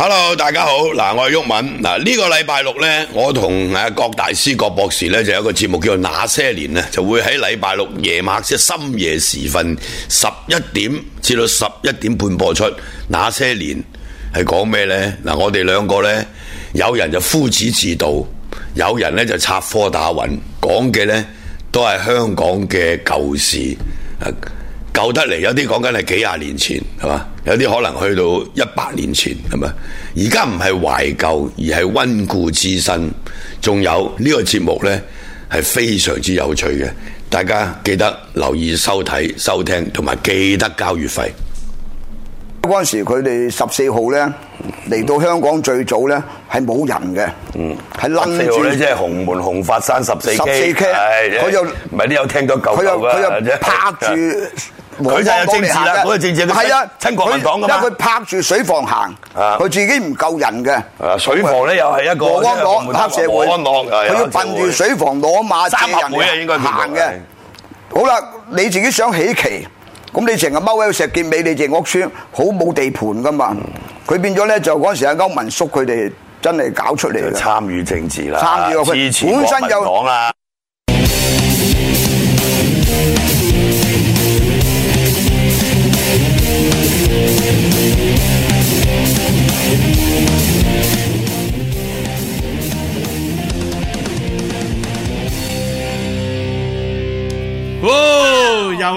hello，大家好，嗱，我係毓民，嗱，呢個禮拜六呢，我同阿郭大師、郭博士呢，就有一個節目叫做《那些年》呢，就會喺禮拜六夜晚即深夜時分十一點至到十一點半播出，《那些年》係講咩呢？嗱，我哋兩個呢，有人就夫子自道，有人呢就插科打諢，講嘅呢都係香港嘅舊事。舊得嚟，有啲講緊係幾廿年前，係嘛？有啲可能去到一百年前，係咪？而家唔係懷舊，而係溫故知新。仲有呢、呢個節目咧，係非常之有趣嘅，大家記得留意收睇、收聽，同埋記得交月費。嗰陣時佢哋十四號咧嚟到香港最早咧係冇人嘅，嗯，係擸住紅門紅佛山十四 K，佢有、嗯，唔係你有聽咗舊嘅，佢有，佢有拍住。 佢就係政治啦，嗰個政治都係啊，親國民黨噶嘛，因為佢拍住水房行，佢自己唔夠人嘅。水房咧又係一個黑社會，佢要瞓住水房攞馬三合會行嘅。好啦，你自己想起奇。咁你成日踎喺石硤尾，你隻屋村好冇地盤噶嘛？佢變咗咧就嗰陣時阿歐文叔佢哋真係搞出嚟，參與政治啦，參與政治本身就。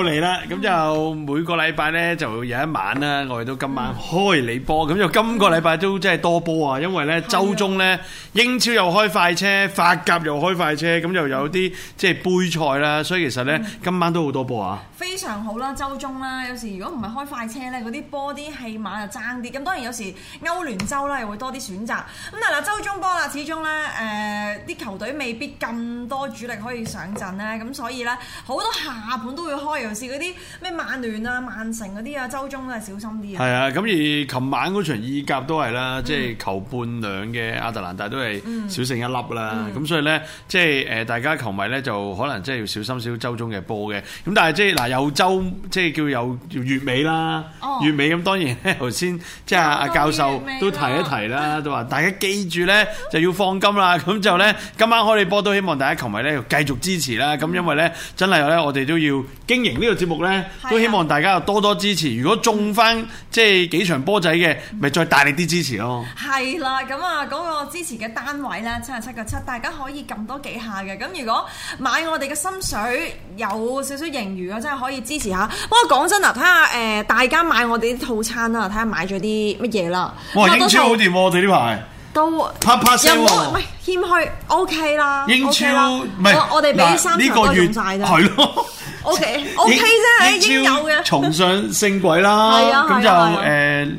嚟啦，咁就每個禮拜咧就有一晚啦。我哋都今晚開你波，咁就、嗯、今個禮拜都真係多波啊！因為咧是的 週中咧英超又開快車，法甲又開快車，咁又有啲即係杯賽啦，所以其實咧、嗯、今晚都好多波啊！非常好啦，週中啦，有時如果唔係開快車咧，嗰啲波啲戲碼啊爭啲。咁當然有時歐聯周啦，又會多啲選擇。咁但係嗱，周中波啦，始終咧誒啲球隊未必咁多主力可以上陣咧，咁所以咧好多下盤都會開。尤其是嗰啲咩曼聯啊、曼城嗰啲啊、周中啊小心啲。啊係啊，咁而琴晚嗰場意甲都係啦，嗯、即係球半兩嘅亞特蘭大都係小勝一粒啦。咁、嗯嗯、所以咧，即係誒大家球迷咧就可能即係要小心少周中嘅波嘅。咁但係即係嗱、啊，有周即係叫有月尾啦，哦、月尾咁當然咧頭先即係阿、啊、教授都提一提啦，都話大家記住咧、嗯、就要放金啦。咁就咧今晚開你波都希望大家球迷咧要繼續支持啦。咁因為咧真係咧我哋都要經營。個節呢個節目咧，都希望大家多多支持。如果中翻即係幾場波仔嘅，咪再大力啲支持咯。係啦，咁啊，嗰個支持嘅單位咧，七十七個七，大家可以撳多幾下嘅。咁如果買我哋嘅心水有少少盈餘嘅，我真係可以支持下。不哇，講真啊，睇下誒，大家買我哋啲套餐啊，睇下買咗啲乜嘢啦。哇、哦，嗯、英超好掂，我哋呢排都啪啪聲喎，唔係謙虛，OK 啦。英超，唔我我哋俾三條用曬㗎，係咯、欸。這個 O K，O K 啫，已經 Okay ,、okay, 一有嘅，重上升軌啦，咁、 啊啊、就誒、啊啊、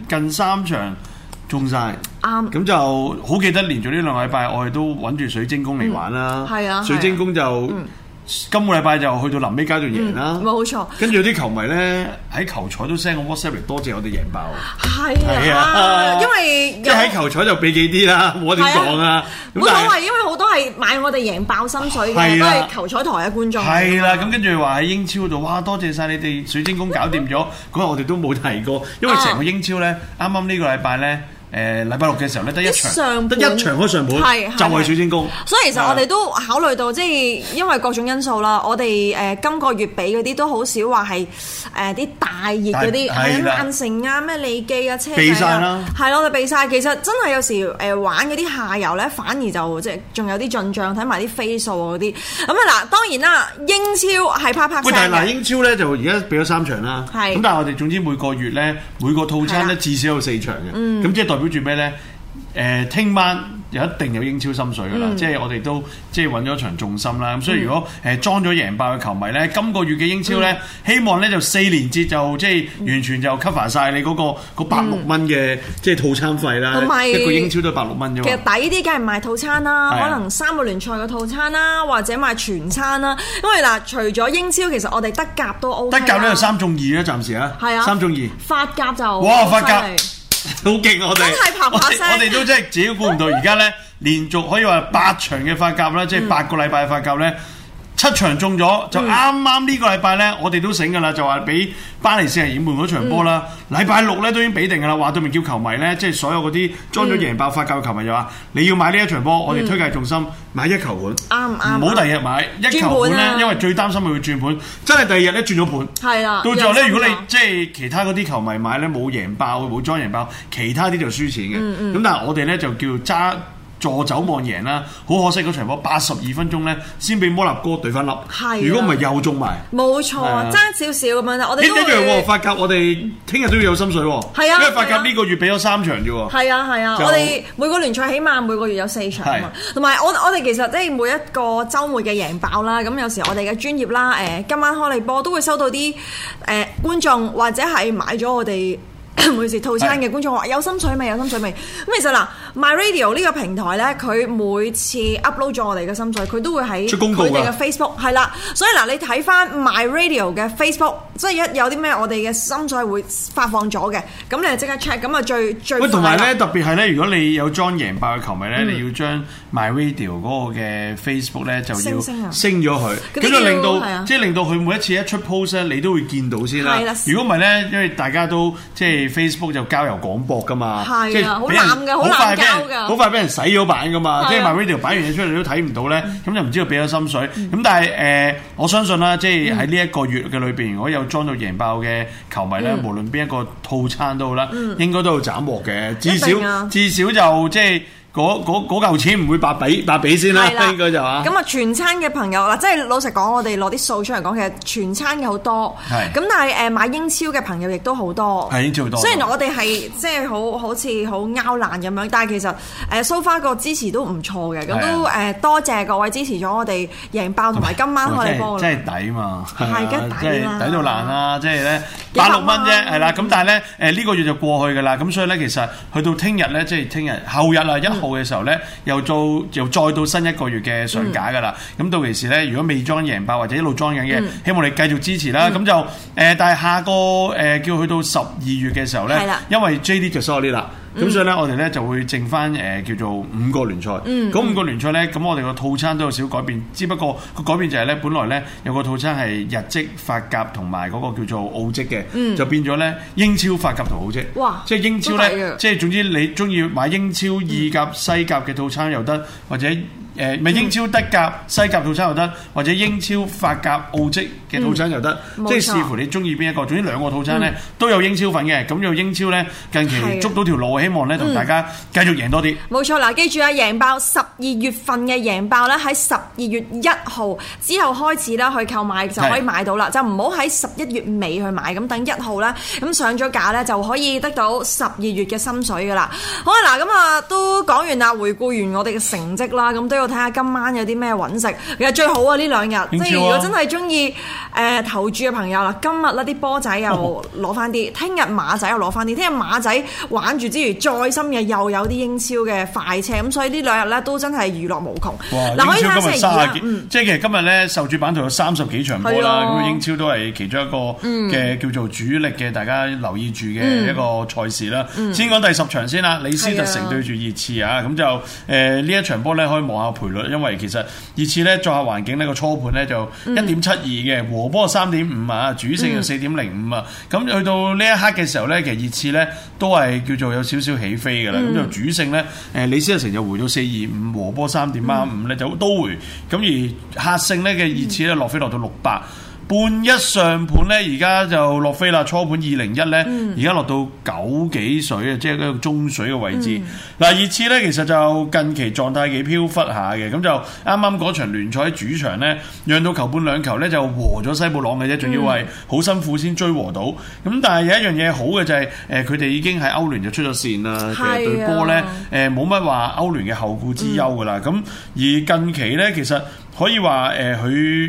近三場中晒，啱、嗯，咁就好記得連續呢兩個禮拜，我哋都揾住水晶宮嚟玩啦，係、嗯、啊，啊水晶宮就。嗯今個禮拜就去到臨尾階段贏啦，冇錯、嗯。跟住有啲球迷咧喺球彩都 send 個 WhatsApp 嚟，多謝我哋贏爆。係啊，因為一喺球彩就俾幾啲啦，我哋講啦。冇所謂，因為好多係買我哋贏爆心水嘅，啊、都係球彩台嘅觀眾。係啦、啊，咁跟住話喺英超度，哇！多謝晒你哋水晶宮搞掂咗，嗰日 我哋都冇提過，因為成個英超咧，啱啱呢個禮拜咧。誒禮拜六嘅時候咧，得一場，得一場開上門，就係水晶宮。所以其實我哋都考慮到，即係因為各種因素啦，我哋誒今個月比嗰啲都好少話係誒啲大熱嗰啲，咩曼城啊、咩利記啊、車隊啊，係咯，就避曬。其實真係有時誒玩嗰啲下游咧，反而就即係仲有啲進賬，睇埋啲飛數嗰啲。咁啊嗱，當然啦，英超係拍拍。喂，但係嗱，英超咧就而家比咗三場啦。係。咁但係我哋總之每個月咧，每個套餐咧至少有四場嘅。嗯。咁即係代表。睇住咩咧？誒，聽晚有一定有英超心水噶啦，嗯、即係我哋都即係揾咗場重心啦。咁所以如果誒裝咗贏爆嘅球迷咧，今個月嘅英超咧，嗯、希望咧就四連捷就即係完全就 cover 晒你嗰、那個嗰百六蚊嘅即係套餐費啦。嗯、一個英超都係百六蚊啫嘛。其實抵啲，梗係買套餐啦，啊、可能三個聯賽嘅套餐啦，或者買全餐啦。因為嗱，除咗英超，其實我哋德甲都歐、OK 啊，德甲咧有三中二啊，暫時啊，係啊，三中二，法甲就哇法甲。好勁！ 啊、我哋我哋都真係自己估唔到，而家咧連續可以話八場嘅法甲啦，即係八個禮拜嘅法甲咧。七場中咗、嗯、就啱啱呢個禮拜呢，我哋都醒噶啦，就話俾巴黎士人演滿嗰場波啦。禮拜、嗯、六呢，都已經俾定噶啦，話對面叫球迷呢，即係所有嗰啲裝咗贏爆發家嘅球迷就話，嗯、你要買呢一場波，我哋推介重心買一球盤，啱唔啱？唔、嗯、好第二日買、嗯嗯、一球盤呢，盤呢因為最擔心咪會轉盤，真係第二日呢，轉咗盤。係啦、嗯，到最後呢，如果你即係其他嗰啲球迷買呢，冇贏爆，冇裝贏爆，其他啲就輸錢嘅。咁、嗯、但係我哋呢、嗯、呢，就叫揸。助走望贏啦，好可惜嗰場波八十二分鐘咧，先俾摩納哥對翻粒。係、啊，如果唔係又中埋。冇錯，爭少少咁樣我哋、欸、一樣喎，法甲我哋聽日都要有心水喎。啊，因為法甲呢個月俾咗三場啫喎。啊係啊，啊就我哋每個聯賽起碼每個月有四場啊嘛。同埋、啊、我我哋其實即係每一個週末嘅贏爆啦，咁、啊、有時我哋嘅專業啦，誒、呃、今晚開你波都會收到啲誒、呃、觀眾或者係買咗我哋。 每次套餐嘅觀眾話有心水未？有心水未？咁其實嗱 My Radio 呢個平台咧，佢每次 upload 咗我哋嘅心水，佢都會喺我哋嘅 Facebook 出公告，係啦。所以嗱，你睇翻 My Radio 嘅 Facebook，即係一有啲咩我哋嘅心水會發放咗嘅，咁你係即刻 check，咁啊最最。喂，同埋咧特別係咧，如果你有 join 贏爆嘅球迷咧，嗯、你要將 My Radio 嗰個嘅 Facebook 咧就要升咗佢，咁、啊、就令到即係、就是啊、令到佢每一次一出 post 咧，你都會見到先啦。如果唔係咧，因為大家都即係。Facebook 就交由廣播噶嘛，即係好難嘅，好難交，好快俾人洗咗版噶嘛。即係 My video 擺完嘢出嚟，你都睇唔到咧，咁就唔知道俾咗心水。咁但係誒，我相信啦，即係喺呢一個月嘅裏邊，如果有裝到贏爆嘅球迷咧，無論邊一個套餐都好啦，應該都有斬獲嘅，至少至少就即係。嗰嗰嗰嚿錢唔會白俾，白俾先啦，應該就係嘛。咁啊，全餐嘅朋友嗱，即係老實講，我哋攞啲數出嚟講，其實全餐嘅好多。係。咁但係誒買英超嘅朋友亦都好多。係英超多。雖然我哋係即係好好似好拗難咁樣，但係其實誒蘇花個支持都唔錯嘅，咁都誒多謝各位支持咗我哋贏爆同埋今晚開你波。真係抵嘛！係而家抵啦，抵到爛啦，即係咧八六蚊啫，係啦。咁但係咧誒呢個月就過去㗎啦。咁所以咧，其實去到聽日咧，即係聽日後日啊一。報嘅時候咧，又做又再到新一個月嘅上架㗎喇。咁、嗯、到其時咧，如果未裝贏爆或者一路裝緊嘅，嗯、希望你繼續支持啦。咁、嗯、就誒、呃，但係下個誒、呃、叫去到十二月嘅時候咧，嗯、因為 J D 就 sorry 啦。嗯嗯咁、嗯、所以咧，我哋咧就會剩翻誒叫做五個聯賽。嗯。嗯、五個聯賽咧，咁我哋個套餐都有少改變，只不過個改變就係咧，本來咧有個套餐係日職法甲同埋嗰個叫做澳職嘅，嗯，就變咗咧英超法甲同澳職。哇！即係英超咧，即係總之你中意買英超意甲西甲嘅套餐又得，嗯、或者。誒咪英超德甲西甲套餐又得，或者英超法甲澳洲嘅套餐又得，即係視乎你中意邊一個。總之兩個套餐咧都有英超份嘅，咁有英超咧近期捉到條路，希望咧同大家繼續贏多啲。冇錯啦，記住啊，贏爆十二月份嘅贏爆咧喺十二月一號之後開始啦，去購買就可以買到啦，就唔好喺十一月尾去買，咁等一號啦，咁上咗架咧就可以得到十二月嘅心水噶啦。好啦，嗱咁啊都講完啦，回顧完我哋嘅成績啦，咁都要。睇下今晚有啲咩揾食，其實最好啊，呢兩日，即係如果真係中意誒投注嘅朋友啦，今日咧啲波仔又攞翻啲，聽日、哦、馬仔又攞翻啲，聽日馬仔玩住之餘，再深夜又有啲英超嘅快車，咁所以呢兩日呢，都真係娛樂無窮。嗱，可以睇下星期即係其實今日呢，受注版度有三十幾場波啦，咁、啊嗯、英超都係其中一個嘅、嗯、叫做主力嘅，大家留意住嘅一個賽事啦。嗯嗯、先講第十場先啦，李斯特城對住熱刺啊，咁、嗯嗯、就誒呢、呃、一場波呢，可以望下。賠率，因為其實熱刺咧作客環境呢個初盤咧就一點七二嘅，1> 1. 72, 和波三點五啊，主勝就四點零五啊，咁去到呢一刻嘅時候咧，其實熱刺咧都係叫做有少少起飛㗎啦，咁就、嗯、主勝咧，誒李斯成就回到四二五，和波三點三五咧就都回，咁而客勝咧嘅熱刺咧落飛落到六百。半一上盤咧，而家就落飛啦！初盤二零一咧，而家、嗯、落到九幾水啊，即係一個中水嘅位置。嗱、嗯，熱刺咧其實就近期狀態幾飄忽下嘅，咁就啱啱嗰場聯賽喺主場咧讓到球半兩球咧就和咗西布朗嘅啫，仲、嗯、要係好辛苦先追和到。咁但係有一樣嘢好嘅就係、是，誒佢哋已經喺歐聯就出咗線啦，啊、其實對波咧誒冇乜話歐聯嘅後顧之憂噶啦。咁、嗯、而近期咧其實。可以話誒，佢、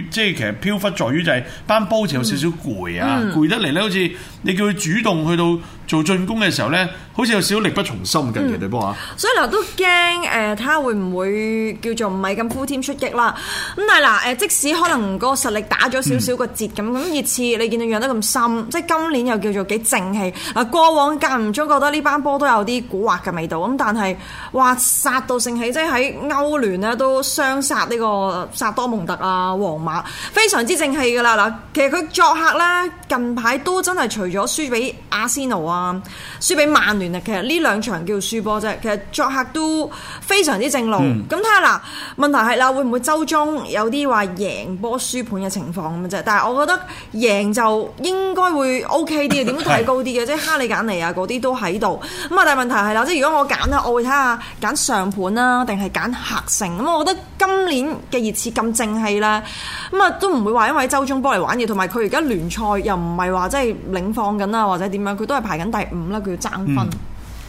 呃、即係其實飄忽在於就係、是、班、嗯、煲仔有少少攰啊，攰、嗯、得嚟咧，好似你叫佢主動去到，做進攻嘅時候咧，好似有少少力不從心，近期啲波啊。所以嗱，都驚睇下會唔會叫做唔係咁呼 u 出擊啦？咁但係嗱誒，即使可能個實力打咗少少個折咁，咁、嗯、而次你見到養得咁深，即係今年又叫做幾正氣。嗱，過往間唔中覺得呢班波都有啲古惑嘅味道，咁但係哇殺到正氣，即係喺歐聯咧都雙殺呢、這個薩多蒙特啊、皇馬，非常之正氣噶啦嗱。其實佢作客咧近排都真係除咗輸俾阿仙奴啊，輸俾曼聯啊！其實呢兩場叫輸波啫。其實作客都非常之正路。咁睇下嗱，問題係啦，會唔會周中有啲話贏波輸盤嘅情況咁啫？但係我覺得贏就應該會 OK 啲嘅，都點都睇高啲嘅。 即係哈利簡尼啊，嗰啲都喺度。咁啊，但係問題係啦，即係如果我揀咧，我會睇下揀上盤啦，定係揀客勝。咁我覺得今年嘅熱刺咁正氣咧，咁啊都唔會話因為周中波嚟玩嘢，同埋佢而家聯賽又唔係話即係領放緊啊，或者點樣，佢都係排緊。第五啦，佢要爭分、嗯。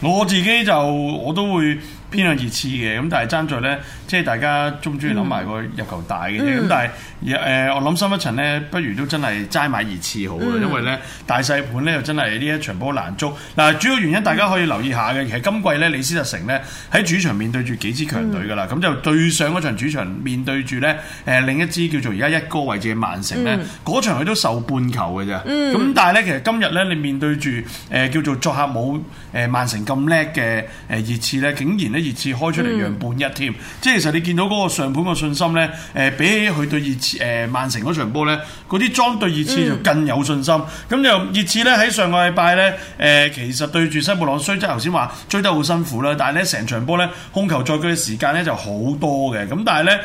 我自己就我都會偏向熱刺嘅，咁、嗯、但係爭在咧，即係大家中唔中意諗埋個入球大嘅嘢，咁、嗯嗯、但係。誒、呃，我諗深一層咧，不如都真係齋買熱刺好啊，嗯、因為咧大細盤咧又真係呢一場波難捉。嗱、啊，主要原因大家可以留意下嘅，嗯、其實今季咧，李斯特城咧喺主場面對住幾支強隊㗎啦。咁、嗯、就對上嗰場主場面對住咧誒另一支叫做而家一哥位置嘅曼城咧，嗰、嗯、場佢都受半球嘅咋。咁、嗯、但係咧，其實今日咧你面對住誒、呃、叫做作客冇誒曼城咁叻嘅誒熱刺咧，竟然咧熱刺開出嚟讓半一添。即係、嗯嗯、其實你見到嗰個上盤個信心咧，誒、呃、比起佢對熱刺。誒曼城嗰場波咧，嗰啲裝對熱刺就更有信心。咁又、嗯、熱刺咧喺上個禮拜咧，誒、呃、其實對住西布朗雖則頭先話追得好辛苦啦，但係咧成場波咧控球在佢嘅時間咧就好多嘅。咁但係咧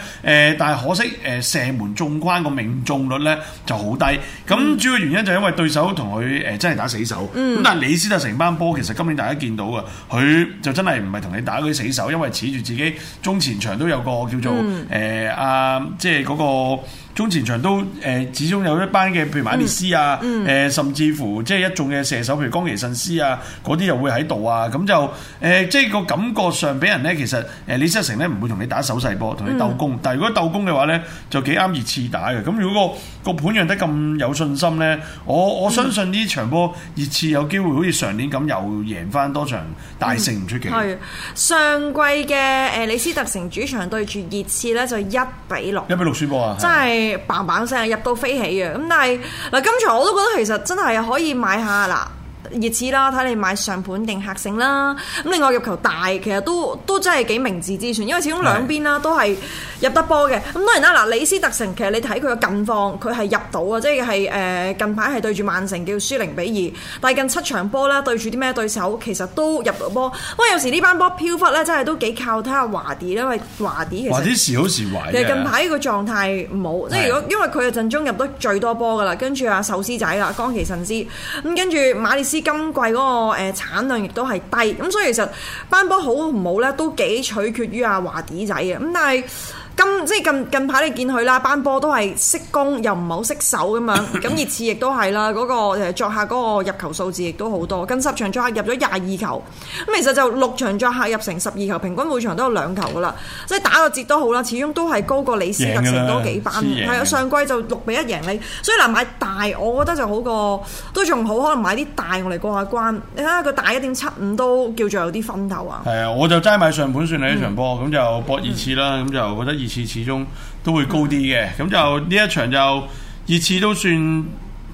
誒，但係、呃、可惜誒、呃、射門中框個命中率咧就好低。咁主要原因就係因為對手同佢誒真係打死手。咁、嗯、但係李斯特成班波其實今年大家見到嘅，佢就真係唔係同你打嗰啲死手，因為恃住自己中前場都有個叫做誒阿、嗯呃啊、即係、那、嗰、個中前場都誒，始終有一班嘅，譬如馬列斯啊，誒，甚至乎即係一眾嘅射手，譬如岡崎慎司啊，嗰啲又會喺度啊，咁就誒，即係個感覺上俾人咧，其實誒李斯特城咧唔會同你打手勢波，同你鬥攻，但係如果鬥攻嘅話咧，就幾啱熱刺打嘅。咁如果個個盤讓得咁有信心咧，我我相信呢場波熱刺有機會好似上年咁又贏返多場大勝唔出奇。係上季嘅誒李斯特城主場對住熱刺咧，就一比六一比六輸波啊，真係。棒棒聲入到飛起嘅，咁但係嗱，今場我都覺得其實真係可以買下啦。熱刺啦，睇你買上盤定客勝啦。咁另外入球大，其實都都真係幾明智之選，因為始終兩邊啦都係入得波嘅。咁的當然啦，嗱，李斯特城其實你睇佢嘅近況，佢係入到嘅，即係誒、呃、近排係對住曼城叫輸零比二，但係近七場波咧對住啲咩對手，其實都入到波。不過有時呢班波飄忽咧，真係都幾靠睇下華迪，因為華迪其實時好時壞。其實近排個狀態唔好，即係如果因為佢陣中入得最多波㗎啦，跟住阿壽司仔啦，岡崎慎司，咁跟住馬利斯。今季嗰個誒產量亦都係低，咁所以其實班波好唔好咧，都幾取決於阿華迪仔嘅，咁但係。咁即係近近排你見佢啦，班波都係識攻又唔係好識守咁樣。咁熱刺亦都係啦，嗰個誒作客嗰個入球數字亦都好多，近十場作客入咗廿二球。咁其實就六場作客入成十二球，平均每場都有兩球噶啦。即係打個折都好啦，始終都係高過李斯特城多幾班。係啊，上季就六比一贏你，所以嗱買大，我覺得就好過都仲好，可能買啲大我嚟過下關。你睇下佢大一點七五都叫做有啲分頭啊。係啊，我就齋買上盤算你呢場波，咁就博熱刺啦，咁就覺得熱。次始終都會高啲嘅，咁就呢一場就熱刺都算，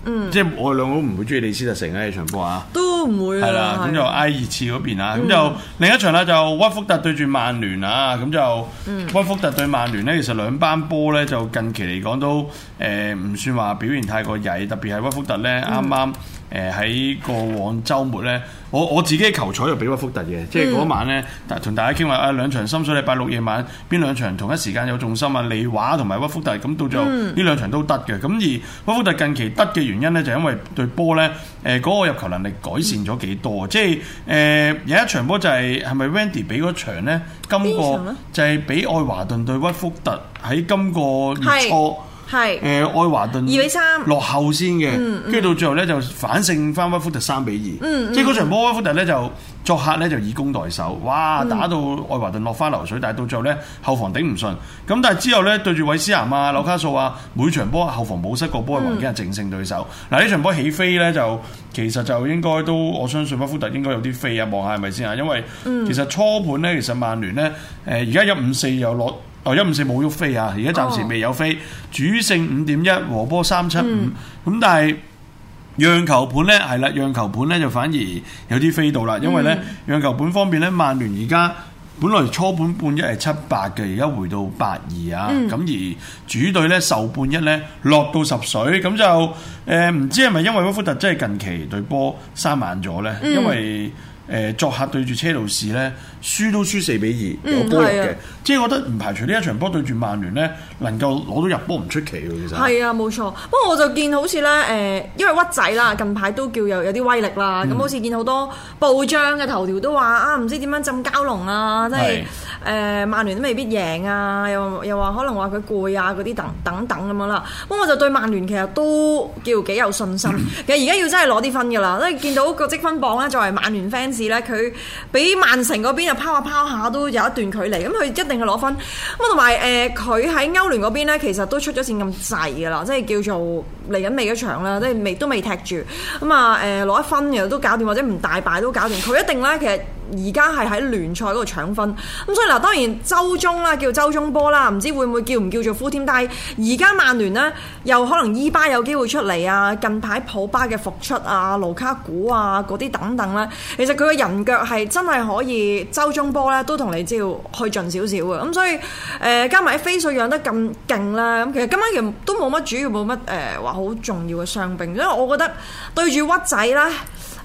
嗯，即係我哋兩個唔會中意李斯特成啊，呢場波啊，都唔會係啦，咁就挨熱刺嗰邊啊，咁、嗯、就另一場啦就屈福特對住曼聯啊，咁就屈福特對曼聯咧，嗯、其實兩班波咧就近期嚟講都誒唔、呃、算話表現太過曳，特別係屈福特咧啱啱。嗯剛剛誒喺、呃、過往週末咧，我我自己球彩就比屈福特嘅，即係嗰晚咧，同、嗯、大家傾話啊，兩場深水，禮拜六夜晚邊兩場同一時間有重心啊？利華同埋屈福特，咁到最後呢兩場都得嘅。咁、嗯、而屈福特近期得嘅原因咧，就因為對波咧，誒、呃、嗰、那個入球能力改善咗幾多？嗯、即係誒、呃、有一場波就係、是、係咪 Wendy 比嗰場咧？今個就係比愛華頓對屈福特喺今個月初。係，誒是、呃、愛華頓二比三落後先嘅，跟住、嗯嗯、到最後咧就反勝翻威福特三比二、嗯，嗯、即係嗰場波威福特咧就作客咧就以攻代守，哇打到愛華頓落花流水，但係到最後咧後防頂唔順，咁但係之後咧對住韋斯咸啊、紐卡素啊，每場波後防冇失過波嘅環境係正勝對手。嗱呢、嗯啊、場波起飛咧就其實就應該都我相信威福特應該有啲飛啊，望下係咪先啊？因為其實初盤咧其實曼聯咧誒而家一五四又落。哦，一五四冇喐飛啊！而家暫時未有飛，oh. 主勝五點一，和波三七五。咁但係讓球盤咧，係啦，讓球盤咧就反而有啲飛到啦。因為咧，mm. 讓球盤方面咧，曼聯而家本來初盤半一係七八，嘅，而家回到八二啊。咁、mm. 而主隊咧受半一咧落到十水，咁就誒唔、呃、知係咪因為威福特真係近期對波生硬咗咧？Mm. 因為誒、呃、作客對住車路士咧。輸都輸四比二、嗯，個波嘅，是的 即係我覺得唔排除呢一場波對住曼聯咧，能夠攞到入波唔出奇喎。其實係啊，冇錯。不過我就見好似咧，誒、呃，因為屈仔啦，近排都叫有有啲威力啦。咁、嗯、好似見好多報章嘅頭條都話啊，唔知點樣浸蛟龍啊，即係誒曼聯都未必贏啊，又又話可能話佢攰啊嗰啲等等等咁樣啦。不過我就對曼聯其實都叫幾有信心。嗯、其實而家要真係攞啲分㗎啦，因為見到個積分榜咧，作為曼聯 fans 咧，佢比曼城嗰邊拋下拋下都有一段距離，咁佢一定係攞分。咁同埋誒，佢、呃、喺歐聯嗰邊呢，其實都出咗線咁滯噶啦，即係叫做嚟緊未一場啦，即係未都未踢住。咁啊誒，攞、呃、一分又都搞掂，或者唔大敗都搞掂。佢一定呢其實。而家係喺聯賽嗰度搶分，咁所以嗱，當然周中啦，叫周中波啦，唔知會唔會叫唔叫做夫添。但係而家曼聯呢，又可能伊、e、巴有機會出嚟啊，近排普巴嘅復出啊，盧卡古啊嗰啲等等啦。其實佢嘅人腳係真係可以，周中波咧都同你知要去盡少少嘅。咁所以誒、呃，加埋飛水養得咁勁啦。咁其實今晚其實都冇乜主要冇乜誒話好重要嘅傷兵，因為我覺得對住屈仔啦。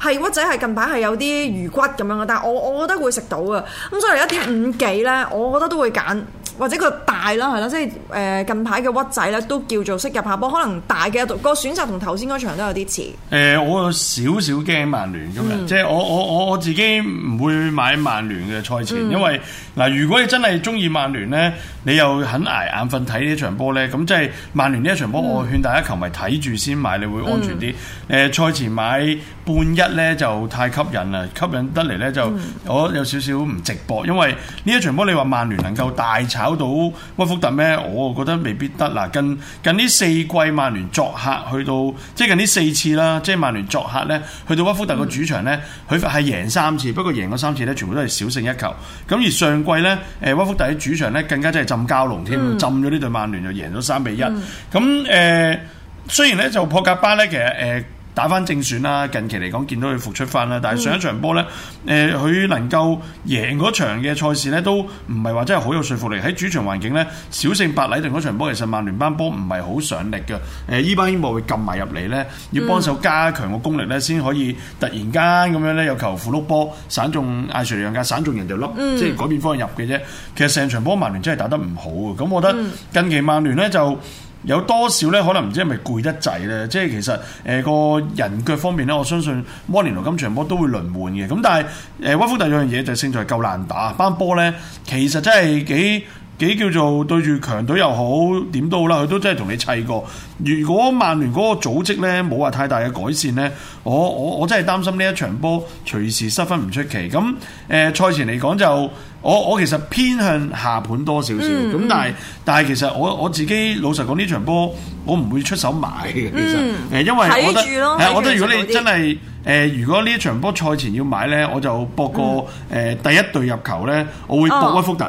係或者係近排係有啲魚骨咁樣嘅，但係我我覺得會食到嘅。咁所以一點五幾咧，我覺得都會揀。或者個大啦係啦，即係，誒，近排嘅屈仔咧都叫做識入下波，可能大嘅個選擇同頭先嗰場都有啲似，呃。誒，我有少少驚曼聯咁樣，嗯、即係我我我我自己唔會買曼聯嘅賽前，嗯、因為嗱，如果你真係中意曼聯咧，你又肯挨眼瞓睇呢一場波咧，咁即係曼聯呢一場波，我勸大家球迷睇住先買，你會安全啲。誒，賽、嗯呃、前買半一咧就太吸引啦，吸引得嚟咧就我有少少唔直播，因為呢一場波你話曼聯能夠大炒。嗯嗯到屈福特咩？我覺得未必得。嗱，近近呢四季，曼聯作客去到，即係近呢四次啦。即係曼聯作客咧，去到屈福特個主場咧，佢係、嗯、贏三次，不過贏咗三次咧全部都係小勝一球。咁而上季咧，誒、呃、屈福特喺主場咧更加真係浸蛟龍添，嗯、浸咗呢對曼聯就贏咗三比一。咁誒、嗯嗯呃，雖然咧就博格巴咧，其實誒。呃打翻正選啦，近期嚟講見到佢復出翻啦，但係上一場波咧，誒佢、嗯呃、能夠贏嗰場嘅賽事咧，都唔係話真係好有說服力。喺主場環境咧，小勝白禮頓嗰場波，其實曼聯班波唔係好上力嘅。誒、呃，依班英務會撳埋入嚟咧，要幫手加強個攻力咧，先、嗯、可以突然間咁樣咧有球扶碌波，散中艾殊利楊嘅散中人就笠，嗯、即係改變方向入嘅啫。其實成場波曼聯真係打得唔好嘅，咁我覺得近期曼聯咧就。有多少咧？可能唔知係咪攰得滯咧？即係其實誒個、呃、人腳方面咧，我相信摩連奴今場波都會輪換嘅。咁但係誒，屈福特有一樣嘢就係勝在夠難打。班波咧其實真係幾幾叫做對住強隊又好點都好啦，佢都真係同你砌過。如果曼聯嗰個組織咧冇話太大嘅改善咧，我我我真係擔心呢一場波隨時失分唔出奇。咁誒、呃、賽前嚟講就。我我其實偏向下盤多少少，咁、嗯、但係但係其實我我自己老實講呢場波，我唔會出手買嘅。嗯、其實，誒，因為我覺得，誒，啊、我覺得如果你真係誒，如果呢一場波賽前要買咧，我就博個誒第一隊入球咧，我會博威福特。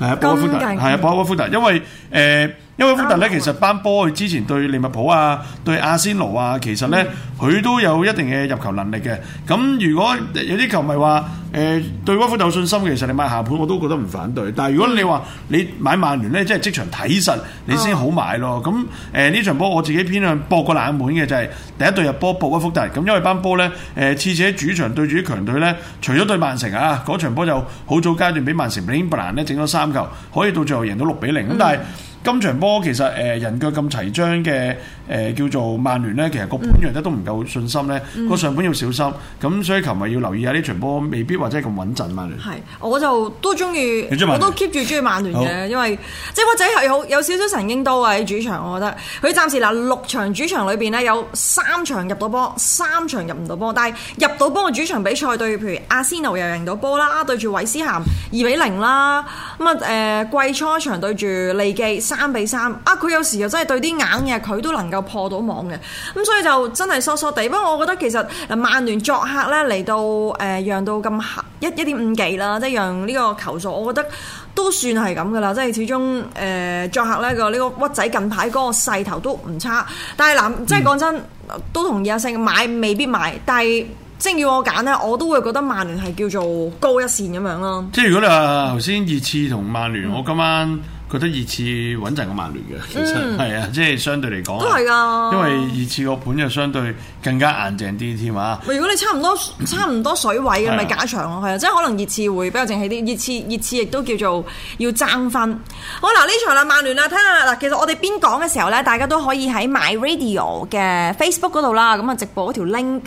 係啊，博威、啊、福特，係啊，博威福特，因為誒。呃因為福特咧，其實班波佢之前對利物浦啊、對阿仙奴啊，其實咧佢都有一定嘅入球能力嘅。咁如果有啲球迷係話誒對威福特有信心，其實你買下盤我都覺得唔反對。但係如果你話你買曼聯咧，即係即場睇實你先好買咯。咁誒呢場波我自己偏向搏個冷門嘅就係、是、第一隊入波搏威福特。咁因為班波咧誒、呃、次次喺主場對住啲強隊咧，除咗對曼城啊嗰場波就好早階段俾曼城俾英布蘭咧整咗三球，可以到最後贏到六比零咁，但係。今場波其實誒、呃、人腳咁齊張嘅。誒叫做曼聯咧，其實個盤讓咧都唔夠信心咧，個、嗯、上盤要小心。咁所以琴日要留意下呢場波，未必或者咁穩陣。曼聯係，我就都中意，我都 keep 住中意曼聯嘅，好因為即波仔係好有少少神經刀喺、啊、主場。我覺得佢暫時嗱六場主場裏邊咧，有三場入到波，三場入唔到波。但係入到波嘅主場比賽對，譬如阿仙奴又贏到波啦，對住韋斯咸二比零啦。咁啊誒季初場對住利記三比三啊，佢有時又真係對啲硬嘅，佢都能夠。破到網嘅，咁所以就真係疏疏哋。不過我覺得其實曼聯作客咧嚟到誒、呃、讓到咁一一點五幾啦，即係讓呢個球數，我覺得都算係咁噶啦。即係始終誒、呃、作客咧個呢個屈仔近排嗰個勢頭都唔差。但係嗱，即係講真，嗯、都同意阿聲、啊、買未必買，但係即係要我揀呢，我都會覺得曼聯係叫做高一線咁樣咯。即係如果你話頭先熱刺同曼聯，嗯、我今晚覺得熱刺穩陣過曼聯嘅，其實係啊，即係、嗯、相對嚟講都係㗎，因為熱刺個盤就相對更加硬淨啲添啊！如果你差唔多、嗯、差唔多水位嘅咪假場咯，係啊的，即係可能熱刺會比較正氣啲。熱刺熱刺亦都叫做要爭分。好嗱，呢場啦，曼聯啦，聽下嗱，其實我哋邊講嘅時候咧，大家都可以喺 My Radio 嘅 Facebook 嗰度啦，咁啊直播嗰條 link。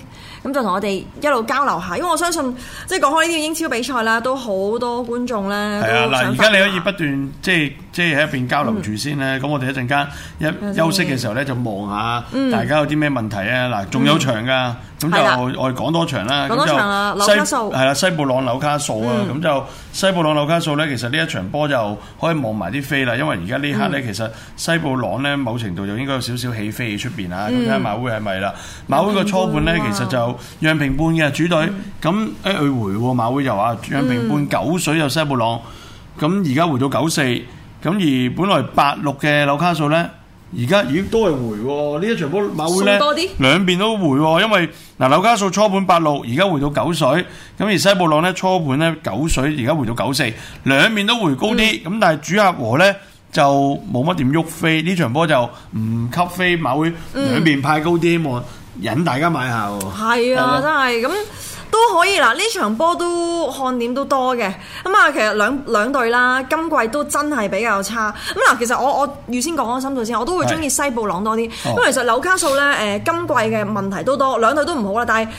咁就同我哋一路交流下，因為我相信即係講開呢啲英超比賽啦，都好多觀眾咧。係啊的，嗱，而家你可以不斷即係即係喺一邊交流住先咧。咁、嗯、我哋一陣間一休息嘅時候咧，就望下大家有啲咩問題啊。嗱、嗯，仲有場噶，咁、嗯、就我哋講多場啦。講多場啊，紐卡素係啊，西布朗紐卡素啊，咁、嗯、就。西布朗紐卡素咧，其實呢一場波就可以望埋啲飛啦，因為而家呢刻咧，嗯、其實西布朗咧，某程度就應該有少少起飛喺出邊啊！咁睇下馬會係咪啦？馬會個初盤咧，其實就讓平半嘅主隊，咁一去回馬會又話讓平半、嗯、九水又西布朗，咁而家回到九四，咁而本來八六嘅紐卡素咧。而家已經多人回喎，呢一場波馬會咧兩邊都回，因為嗱紐加素初盤八六，而家回到九水，咁而西布朗呢，初盤咧九水，而家回到九四，兩面都回高啲，咁、嗯、但係主客和呢，就冇乜點喐飛，呢場波就唔吸飛，馬會兩邊派高啲，嗯、希望引大家買下喎。係啊，吧真係咁。都可以嗱，呢場波都看點都多嘅，咁啊其實兩兩隊啦，今季都真係比較差。咁嗱，其實我我預先講開心水先，我都會中意西布朗多啲，的因為其實紐卡素咧誒、呃，今季嘅問題都多，兩隊都唔好啦。但係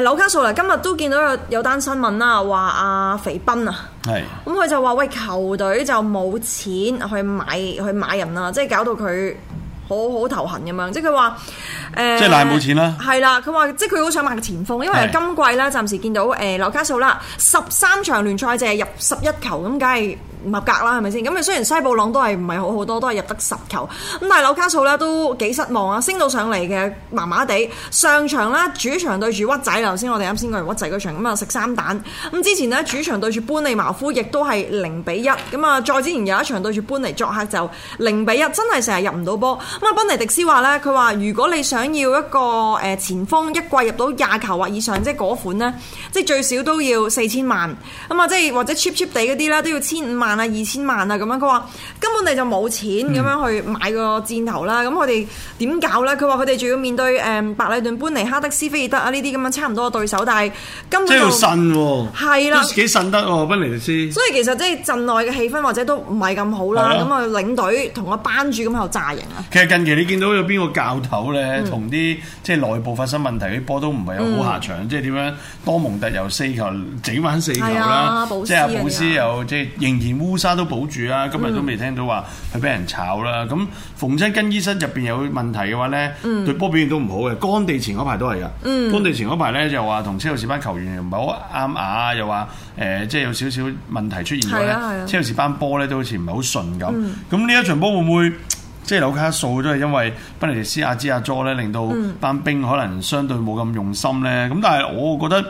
誒紐卡素啊，今日都見到有有單新聞啦、啊，話阿肥斌啊，係咁佢就話喂，球隊就冇錢去買去買人啦，即係搞到佢。好好頭痕咁樣，即係佢話誒，呃、即係奶冇錢啦。係啦，佢話即係佢好想買個前鋒，因為今季啦，暫時見到誒、呃、劉卡素啦，十三場聯賽就係入十一球，咁梗係。唔合格啦，係咪先？咁啊，雖然西布朗都係唔係好好多，都係入得十球。咁但係紐卡素呢，都幾失望啊！升到上嚟嘅麻麻地，上場啦，主場對住屈仔，頭先我哋啱先講完屈仔嗰場，咁啊，食三蛋。咁之前呢，主場對住班尼茅夫，亦都係零比一。咁啊，再之前有一場對住班尼作客就零比一，真係成日入唔到波。咁啊，賓尼迪斯話呢，佢話如果你想要一個誒前鋒一季入到廿球或以上，即係嗰款呢，即係最少都要四千萬。咁啊，即係或者 cheap cheap 地嗰啲呢，都要千五萬。萬啊，二千萬啊，咁樣佢話根本你就冇錢咁樣去買個箭頭啦。咁佢哋點搞咧？佢話佢哋仲要面對誒、白禮頓、班尼、哈德斯菲爾德啊呢啲咁樣差唔多嘅對手，但係根本就即係要信喎、啊，係啦了，自己信得喎，班、哦、尼斯。所以其實即係陣內嘅氣氛或者都唔係咁好啦。咁啊，領隊同個班主咁喺度炸營啊。其實近期你見到有邊個教頭咧，同啲即係內部發生問題啲波都唔係有好下場，嗯、即係點樣多蒙特有四球整翻四球啦，即係阿保斯又即係仍然。嗯烏紗都保住啊，今日都未聽到話佢俾人炒啦。咁逢親跟醫生入邊有問題嘅話咧，對波表現都唔好嘅。干地前嗰排都係噶，干地前嗰排咧就話同車路士班球員唔係好啱牙，又話誒即係有少少問題出現咗咧。車路士班波咧都好似唔係好順咁。咁呢一場波會唔會即係紐卡素都係因為賓尼迪斯亞茲亞佐咧令到班兵可能相對冇咁用心咧？咁但係我覺得。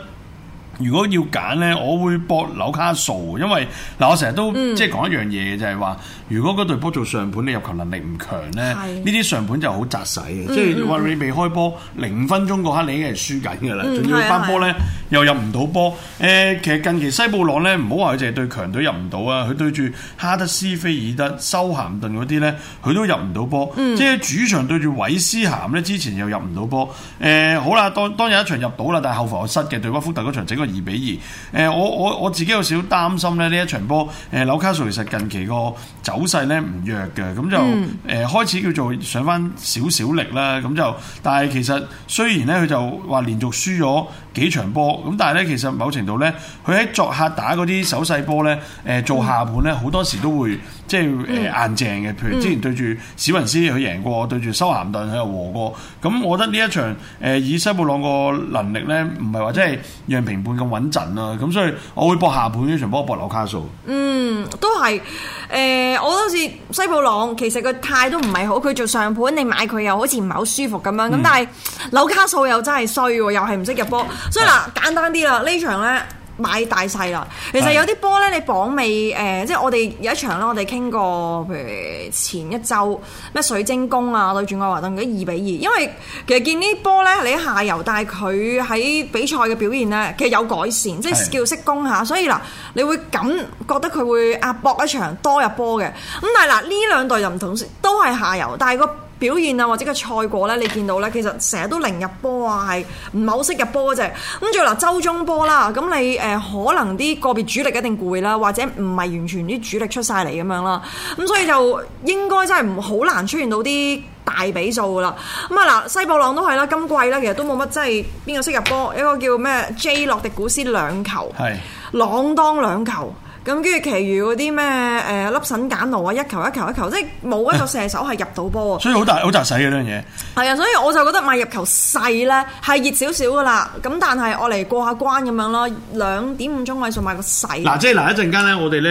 如果要揀咧，我會搏紐卡素，因為嗱，我成日都即係講一樣嘢，就係話，如果嗰隊波做上盤，你入球能力唔強咧，呢啲是上盤就好扎使嘅，嗯、即係話你未開波零五分鐘嗰刻，你已經係輸緊㗎啦，仲、嗯、要翻波咧、嗯、又入唔到波。誒、嗯，其實近期西布朗咧唔好話佢淨係對強隊入唔到啊，佢對住哈德斯菲爾德、修咸頓嗰啲咧，佢都入唔到波。嗯、即係主場對住韋斯咸咧，之前又入唔到波。誒、呃，好啦，當當有一場入到啦，但係後防有失嘅，對屈福特嗰場整個。二比二，誒、呃、我我我自己有少少擔心咧，呢一場波，誒、呃、紐卡素其實近期個走勢咧唔弱嘅，咁就誒、嗯呃、開始叫做上返少少力啦，咁就，但係其實雖然咧佢就話連續輸咗幾場波，咁但係咧其實某程度咧，佢喺作客打嗰啲手勢波咧，誒、呃、做下盤咧好多時都會。即係誒硬淨嘅，譬如之前對住史雲斯佢贏過，嗯、對住修咸頓佢又和過。咁我覺得呢一場誒、呃、以西布朗個能力咧，唔係話即係讓平半咁穩陣咯、啊。咁所以我會博下盤呢場波，博紐卡素。嗯，都係誒、呃，我覺得似西布朗其實個態都唔係好，佢做上盤你買佢又好似唔係好舒服咁樣。咁、嗯、但係紐卡素又真係衰喎，又係唔識入波。所以嗱，啊、簡單啲啦，場呢場咧。買大細啦，其實有啲波咧，你綁尾誒、呃，即係我哋有一場啦，我哋傾過，譬如前一週咩水晶宮啊對住愛華頓，咁二比二，因為其實見呢波咧，你下游，但係佢喺比賽嘅表現咧，其實有改善，即係叫識攻吓，是的 所以嗱，你會咁覺得佢會壓博一場多入波嘅，咁但係嗱呢兩隊又唔同，都係下游，但係、個。表現啊，或者個賽果咧，你見到咧，其實成日都零入波啊，係唔唔好識入波啫。咁仲嗱周中波啦，咁你誒、呃、可能啲個別主力一定攰啦，或者唔係完全啲主力出晒嚟咁樣啦。咁所以就應該真係唔好難出現到啲大比數噶啦。咁啊嗱，西布朗都係啦，今季咧其實都冇乜真係邊個識入波，一個叫咩 J 洛迪古斯兩球，朗是當兩球。咁跟住，其餘嗰啲咩誒粒筍揀羅啊，一球一球一球，一球，即係冇一個射手係入到波啊！所以好大好雜使嘅呢樣嘢。係啊、嗯，所以我就覺得買入球細咧係熱少少㗎啦。咁但係我嚟過下關咁樣咯，兩點五鐘位數買個細。嗱、啊，即係嗱一陣間咧，我哋咧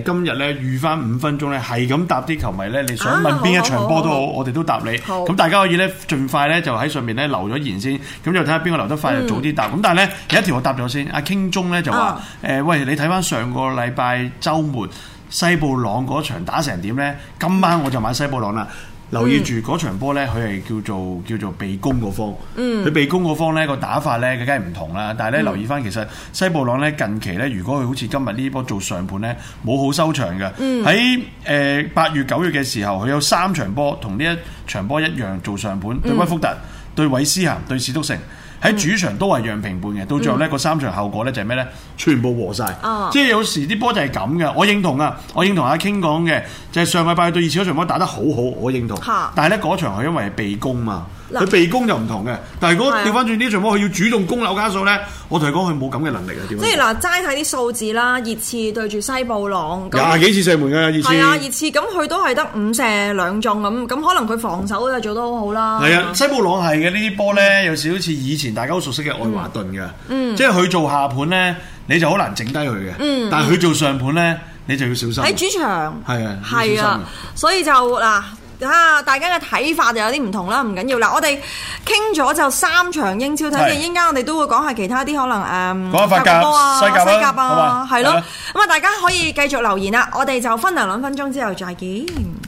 誒今日咧預翻五分鐘咧，係咁答啲球迷咧，你想問邊一場波都好，我哋都答你。好，咁大家可以咧盡快咧就喺上面咧留咗言先，咁就睇下邊個留得快就早啲答。咁、嗯、但係咧有一條我答咗先，阿傾中咧就話誒，喂、嗯呃、你睇翻上，上個禮拜。嗯呃呃拜周末西布朗嗰場打成點呢？今晚我就買西布朗啦。嗯、留意住嗰場波呢，佢係叫做叫做被攻嗰方。嗯，佢被攻嗰方呢個打法呢，佢梗係唔同啦。但係咧、嗯、留意翻，其實西布朗呢近期呢，如果佢好似今日呢波做上盤呢，冇好收場嘅。喺誒八月九月嘅時候，佢有三場波同呢一場波一樣做上盤，嗯、對屈福特、對韋斯咸、對史篤城。喺主場都係讓平半嘅，到最後呢個、嗯、三場後果呢，就係、是、咩呢？全部和晒，啊、即係有時啲波就係咁嘅。我認同啊，我認同阿傾講嘅就係、是、上個禮拜對二次嗰場波打得好好，我認同。是的 但係呢嗰場係因為被攻嘛。佢被攻就唔同嘅，但係如果調翻轉呢場波，佢是的 要主動攻樓加數咧，我同你講佢冇咁嘅能力嘅，點即係嗱，齋睇啲數字啦，熱刺對住西布朗廿幾次射門嘅熱刺，係啊，熱刺咁佢都係得五射兩中咁，咁可能佢防守就做得好好啦。係啊的，的西布朗係嘅，呢啲波咧有少少似以前大家好熟悉嘅愛華頓嘅，嗯嗯、即係佢做下盤咧，你就好難整低佢嘅，嗯、但係佢做上盤咧，你就要小心。喺主場係啊，係啊，所以就嗱。嚇，大家嘅睇法就有啲唔同啦，唔緊要啦。我哋傾咗就三場英超，睇完是，依家我哋都會講下其他啲可能誒，格、嗯、甲啊，西甲啊，係咯。咁啊，大家可以繼續留言啦。我哋就分享兩分鐘之後再見。